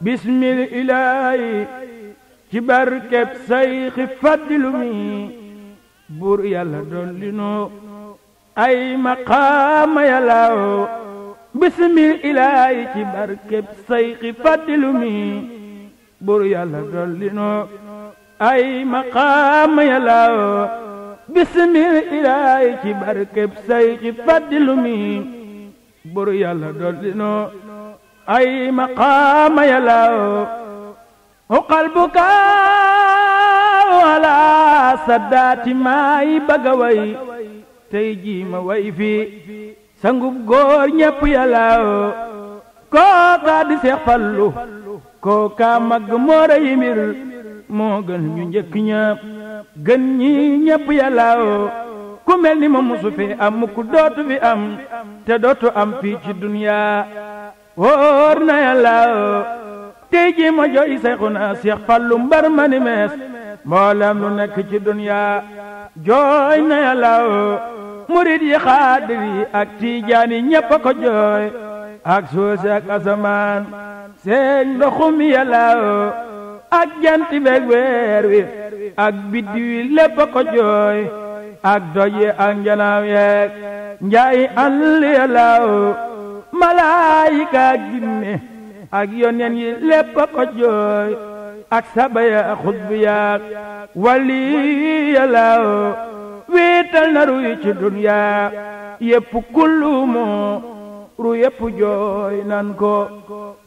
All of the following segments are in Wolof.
bismil ilaahi ci barkeb sayxi faddilu mi buur yàlla dolli noo ay maqaama yàllaaw bismil ilaahi ci barkeb sayxi faddilu mi buur yàlla dolli noo ay maqaama yàllaaw bismil ilaahi ci barkeb sayxi faddilu mi buur yàlla dolli noo ay maqaama yalaw u qalbuka wala saddaati maay bëgga way tey jii ma way fi sangub góor ñépp yalaw kookaa di Seex Fallu kookaa màgg moo rëy mbir moo gën ñu njëkk ñëpp gën ñi ñépp yalaw ku mel ni ma musu fi am ku dootu fi am te dootu am fii ci duniyaa wóor na yàlla tey ji ma jooy Seexuna Seex Fallu mbar ma ni mees mboolam lu nekk ci duniya jooy na yàlla murid yi xaadir ak tiijaan yi ñépp ak suusi ak asamaan seen ndoxum yàlla ak jant weer wi ak biddi wi lépp ak doj ak njanaaw yeeg njaayi àll yàlla malaayika ak jinne ak yoneen yi lépp a ko jooy ak saba ya xutbu yaag wali yalaaw wéetal na ruy ci duniyaa yépp kullu moo ru yépp jooy nan ko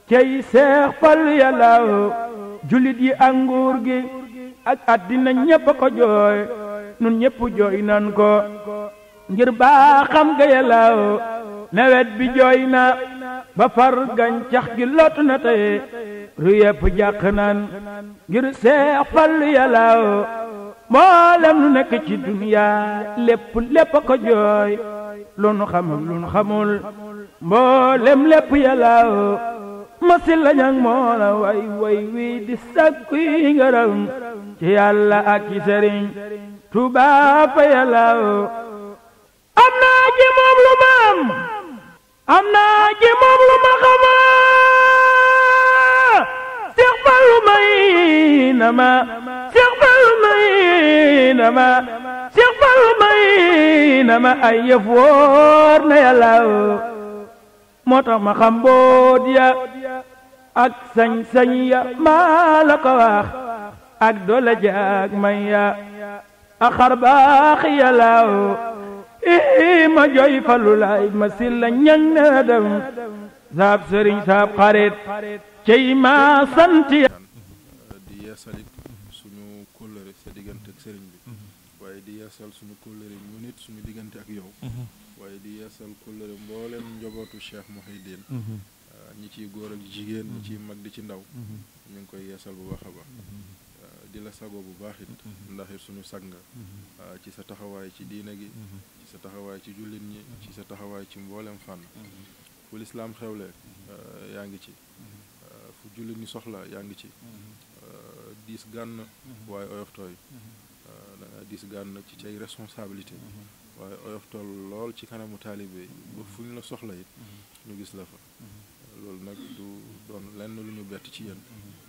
cey seex fallu yalaaw julit yi ak nguur gi ak àddina ñépp a ko jooy nun ñépp jooy nan ko ngir baa xam ga nawet bi jooy na ba far gàncax gi lot na tey ru yëpp jàq naan ngir seex fallu yàllaaw mboolem lu nekk ci duniya lépp lépp a ko jooy lu nu xam xamul mboolem lépp yàllaaw masi lañang moo la way way wii di sàkku yi ngërëm ci yàlla ak ci sëriñ Tuubaa fa yàllaaw am naa ji moom lu maam am naa ci moom lu ma xama Seex Fallu may na ma Seex Fallu may na ma Seex Fallu may na ma ay yëf na yàlla moo tax ma xam ak sañ-sañ ya maa la ko wax ak doole jaag may ya ak xar baax yàlla Eh, ma jooy falu laay ma silla ñang na dem saab sëriñ saab xarit cey ma sant ya di yeesalit suñu kóllëre sa diggante ak sëriñ bi waaye di yeesal suñu kóllëre ñu nit suñu diggante ak yow waaye di yeesal kóllëre mbooleem njobootu Cheikh Mouhideen mhm. ah, ñi ciy góor ak jigéen ñi ciy mag di ci ndaw mhm. ñu ngi koy yeesal bu baax a di la sago bu baax it mm-hmm. ndax it suñu sag nga mm-hmm. ah, ci sa taxawaay ci diina gi mm-hmm. ci sa taxawaay ci jullit ñi ci sa taxawaay ci mboolem fànn fu lislaam xewle ah, yaa ngi ci ah, fu jullit ñi soxla yaa ngi ci diis gànn waaye oyof tooy da nga diis gànn ci cay responsabilité waaye oyof lool ci kanamu taalibe yi fu ñu la soxla it ñu gis la fa loolu nag du doon lenn lu bett ci yéen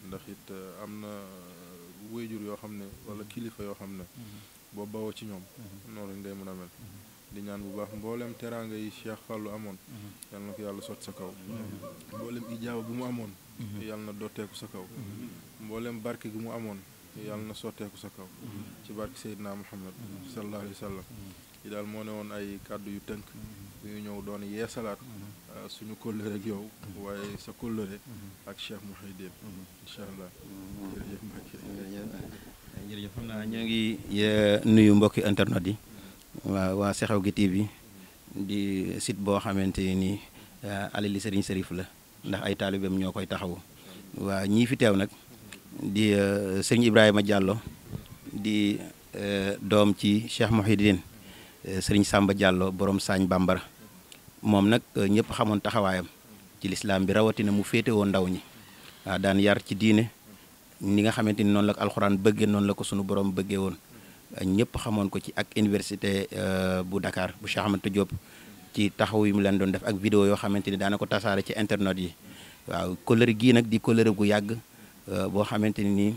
ndax am na wéyjur yoo xam ne wala mm-hmm. kilifa yoo xam ne mm-hmm. boo bawoo ci ñoom mm-hmm. noonu lañ day mën a mel di ñaan bu baax mbooleem teraanga yi Cheikh Fallou amoon yal na ko yàlla sot sa kaw mbooleem ijaaba bu mu amoon yal na dotteeku sa kaw mbooleem barke gi mu amoon yal na sotteeku sa kaw ci barke Seydina Muhammad sallallahu alayhi wa sallam yi daal moo ne woon ay kàddu yu tënk yu ñëw doon yeesalaat suñu kóllëre ak yow. Mhm. waaye sa mhm. ak Cheikh mhm. allah xam naa ñoo ngi eh, nuyu mbokki internet yi. waa waa Sekhawgui gi TV di sit boo xamante ni eh, alali Serigne Serif la ndax ay taalibeem ñoo koy taxawu. waa ñii fi teew nag di eh, Serigne Ibrahima Diallo di doom ci Cheikh Mouhidine Serigne Samba Diallo borom saañ Bambara. mom nak eh, ñepp xamone taxawayam ci l'islam bi na mu fété ndaw ñi ah, daan yar ci diiné ni nga xamanteni non la ko alxuraan bëggee noonu la ko suñu borom bëggé won eh, ñepp xamone ko ci ak université eh, bu Dakar bu Cheikh ahmed Diop ci taxaw yi mu leen doon def ak vidéo yo xamanteni daana ko tassaré ci internet yi waaw couleur gi nak di couleur gu yagg bo xamanteni ni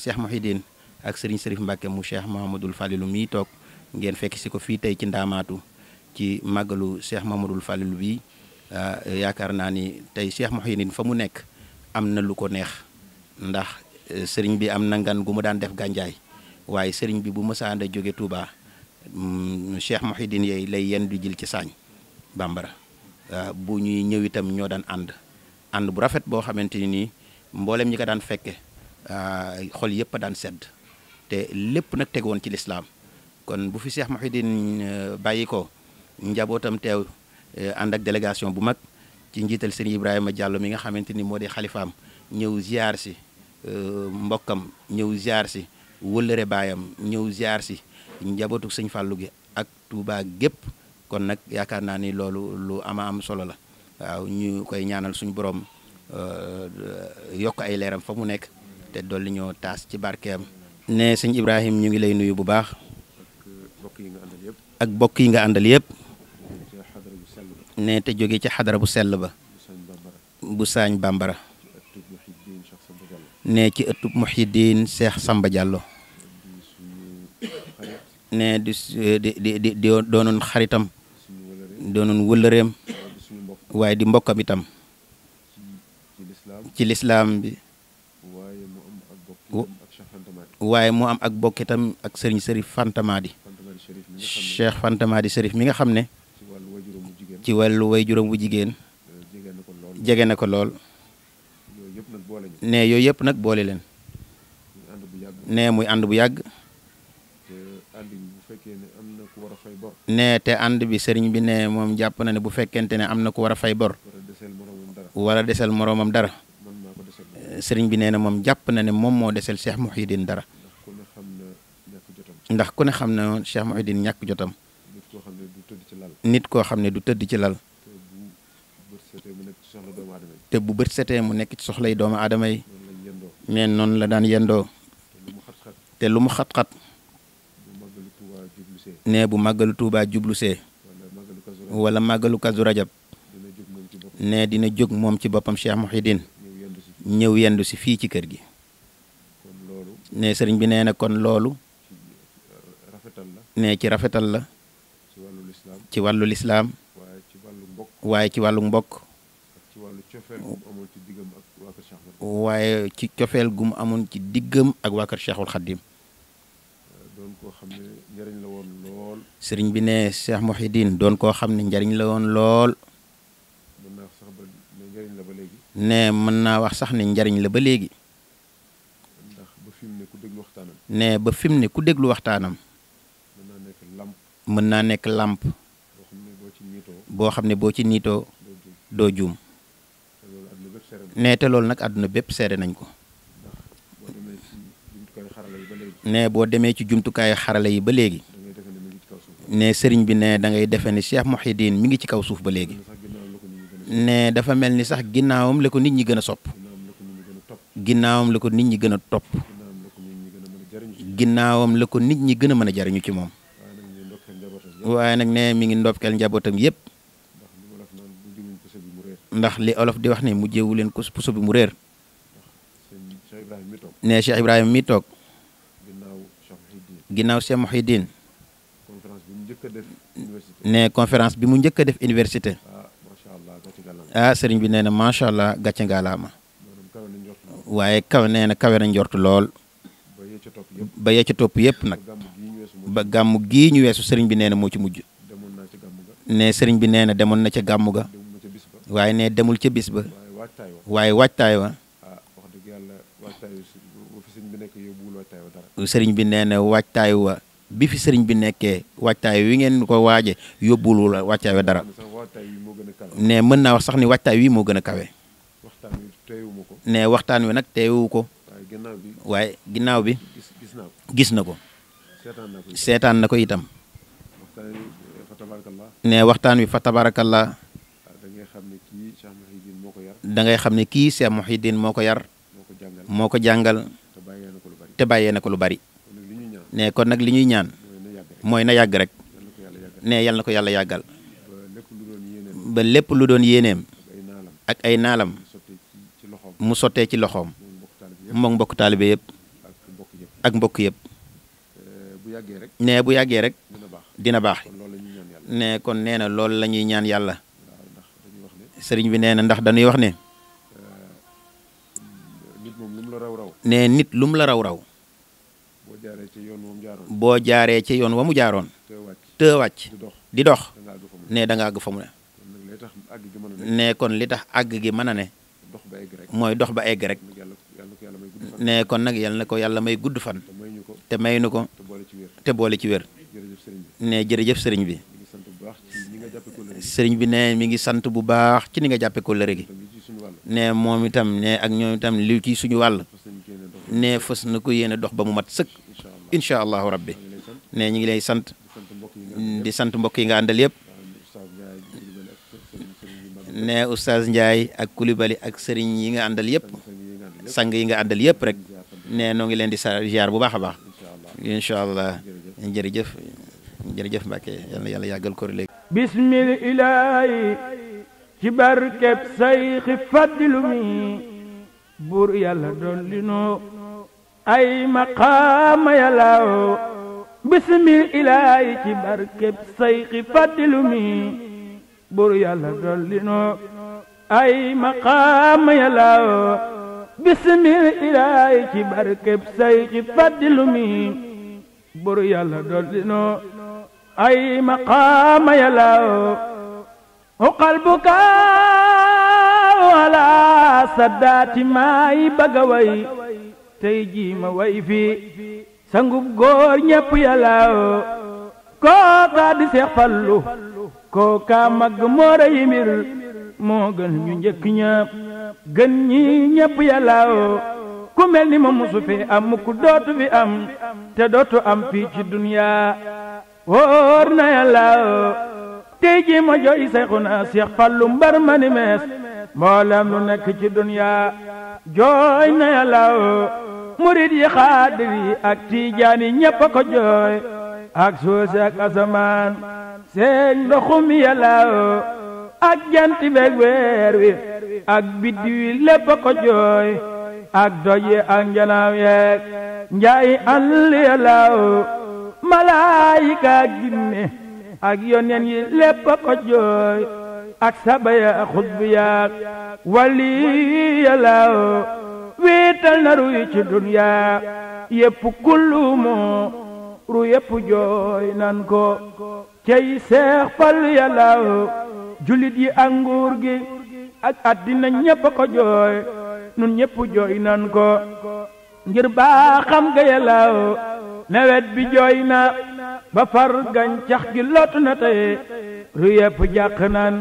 Cheikh muhiddin ak Serigne Serif Mbacke mu Cheikh Mahamadul fallilou mi tok ngeen fekk ci ko fi tay ci ndamatou ci magalu cheikh mamadul falilu bi euh, yaakar na ni tay cheikh Mouhaynin famu nek amna am lu ko neex ndax euh, serigne bi am ngan gumu dan def ganjay waye serigne bi bu mësaanda joge Touba mm, cheikh Mouhaynin yey lay yen di jël ci sañ bambara euh, bu ñuy ñew itam ño dan and and bu rafet bo xamanteni ni mbollem ñi ka dan fekke xol yep dan sedd té lepp nak ci l'islam kon bu fi Cheikh Mouhaynin bayiko njabootam teew eh, ànd ak délégation bu mag ci njiital sëñ Ibrahima Diallo mi nga xamante ni moo di xalifaam ñëw ziar si eh, mbokkam ñëw ziar si wëllëre baayam ñëw ziar si njabootu sëñ Fallou gi ak Touba gépp kon nag yaakaar naa ni loolu lu ama am solo la waaw ñu koy ñaanal suñu borom eh, yokk ay leeram fa mu nekk te dolli ñoo taas ci barkeem. ne sëñ Ibrahima ñu ngi lay nuyu bu baax. ak bokk yi nga àndal yëpp. yi nga ne te joge ci xadara bu sel ba bu sañ bambara ne ci ëttub Muhyiddin Cheikh Samba Diallo ne di di di di doonoon xaritam donon wëllëreem waaye di mbokam itam ci l'islam bi waye mu am ak bokitam ak sëriñ sërif Fantamadi Cheikh Fantamadi serif mi nga xamne ci wàllu way juróom bu jigéen jege na ko lool nee yooyu yëpp nag boole leen ne muy ànd bu yàgg ne te ànd bi sëriñ bi ne moom jàpp na ne bu fekkente ne am na ku war a fay bor wala desal moroomam dara sëriñ bi nee na moom jàpp na ne moom moo desal Cheikh Mouhidine dara ndax ku ne xam na Cheikh Mouhidine ñàkk jotam nit koo xam ne du tëdd ci lal te bu bët setee mu nekk ci soxlay doomu aadama yi mais noonu la daan yendoo te lu mu xat-xat ne bu màggalu tuubaa jublu see wala màggalu kazu rajab ne dina jóg moom ci boppam Cheikh Mouhidine ñëw yendu si fii ci kër gi ne sëriñ bi nee na kon loolu ne ci rafetal la ci wàllu lislaam waaye ci wàllu mbokk waaye ci cofeel gu mu amoon ci diggam ak waa kër Cheikhul Khadim euh, doon ne njariñ la woon lool sëriñ bi ne Cheikh Mouhidine doon koo xam ne njariñ la woon lool ne mën naa wax sax ne njariñ la ba léegi ne ba fi mu ne ku déglu waxtaanam mën naa nekk làmp boo xam ne boo ci niitoo doo juum nee te loolu nag àdduna bépp seede nañ ko ne boo demee ci jumtukaayu xarale yi ba léegi ne sëriñ bi ne da ngay defee ni Cheikh Mouhidine mu ngi ci kaw suuf ba léegi ne dafa mel ni sax ginnaawam la ko nit ñi gën a sopp ginnaawam la ko nit ñi gën a topp ginnaawam la ko nit ñi gën a mën a jariñu ci moom waaye nag ne mi ngi ndokkel njabootam yépp ndax li olof di wax ne mu jéewu leen ko puso bi mu réer ne Cheikh ibrahim mi toog ginnaaw Cheikh ne conférence bi mu njëkk a def université ah sëriñ bi nee na macha allah gàcce ngaalaama waaye kaw nee na kawe na njort lool ba yee ca topp yëpp nag ba gàmm gii ñu bi na ci mujj ne sëriñ bi na na ca ga waaye ne demul ca bis ba waaye waajtaay wa sëriñ bi nee na waajtaay wa bi fi sëriñ bi nekkee waajtaay wi ngeen ko waaje yóbbul la waajtaay wa dara ne mën naa wax sax ni waajtaay wi moo gën a kawe ne waxtaan wi nag teewu ko waaye ginnaaw bi gis na ko seetaan na ko itam ne waxtaan wi fa tabarakallah da ngay xam ne kii Cheikh Mouhidine moo ko yar moo ko jàngal te bàyyee na ko lu bari ne kon nag li ñuy ñaan mooy na yàgg rek ne yal na ko yàlla yàggal ba lépp lu doon yéeneem ak ay naalam mu sottee ci loxoom moom mbokk taalibe yëpp ak mbokk yëpp ne bu yàggee rek dina baax ne kon nee na loolu la ñuy ñaan yàlla sëriñ bi nee na ndax dañuy wax ne. nit moom la raw raw. nee nit lum la raw raw. boo jaaree ci yoon wa mu jaaroon. boo jaaree ci yoon wa mu jaaroon. te wàcc di dox. ne da nga àgg fa mu ne. ne kon li tax àgg gi mën a ne. mooy dox ba egg rek. ne kon nag yal na ko yàlla may gudd fan. te may nu ko. te boole ci wér. ne jërëjëf sëriñ bi. sëriñ bi ne mi ngi sant bu baax ci ni nga jàppee ko lëre gi ne moom itam ne ak ñoom itam li ci suñu wàll ne fës na ko dox ba mu mat sëkk incha allahu rabbi ne ñu ngi lay sant di sant mbokk yi nga àndal yëpp ne oustaz Ndiaye ak Coulibaly ak sëriñ yi nga àndal yëpp sang yi nga àndal yëpp rek ne noo ngi leen di sa ziar bu baax a baax incha allah jërëjëf jërëjëf Mbacke yàlla yàlla yàggal ko léegi bismil ilaahi ci barkeb sayxi faddilu mi buur yàlla dolli noo ay maqaama yàllaaw bismil ilaahi ci barkeb sayxi faddilu mi buur yàlla dolli noo ay maqaama yàllaaw bismil ilaahi ci barkeb sayxi faddilu mi buur yàlla dolli noo ay maqaama yalaw u qalbuka wala saddaati maay bëgga way tey jii ma way fi sangub góor ñépp yalaw koo kaa di seex fallu koo kaa màgg moora yi moo gën ñu njëkk ñëpp gën ñi ñépp yalaw ku mel ni ma musu fi am ku dootu fi am te dootu am fii ci duniyaa wóor na yàlla tey ji ma jooy Seexuna Seex Fallu mbar ma ni mees mboolam lu nekk ci duniya jooy na yàlla murid yi xaadir ak tiijaan yi ñépp ak suusi ak asamaan seen ndoxum yàlla ak jant weer wi ak biddi wi lépp ak doj ak njanaaw yeeg njaayi àll yàlla malaayika ak jinne ak yoneen yi lépp a ko jooy ak saba ya xutbu yaag wali yalaaw wiital na ruy ci dunyaa yépp kullu moo ru yépp jooy nan ko cey seex fallu yalaaw julit yi ak nguur gi ak àddina ñépp a ko jooy nun ñépp jooy nan ko ngir baa xam ga nawet bi jooy na ba far gàncax gi lot na tey ru yëpp jàq naan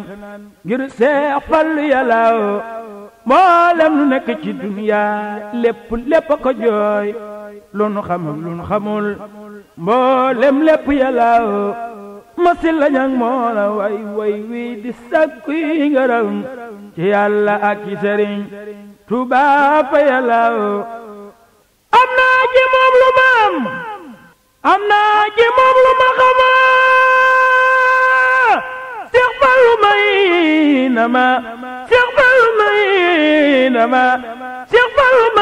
ngir seex fallu yàllaaw mboolem lu nekk ci duniyaa lépp lépp a ko jooy lu nu xam ak lu nu xamul mboolem lépp yàllaaw masi moo la way way wii di sàkku yi ngërëm ci yàlla ak ci sëriñ Tuubaa fa yàllaaw am naa ji moom lu maam am naa ci moom lu ma Fallu may na ma Seex Fallu may na ma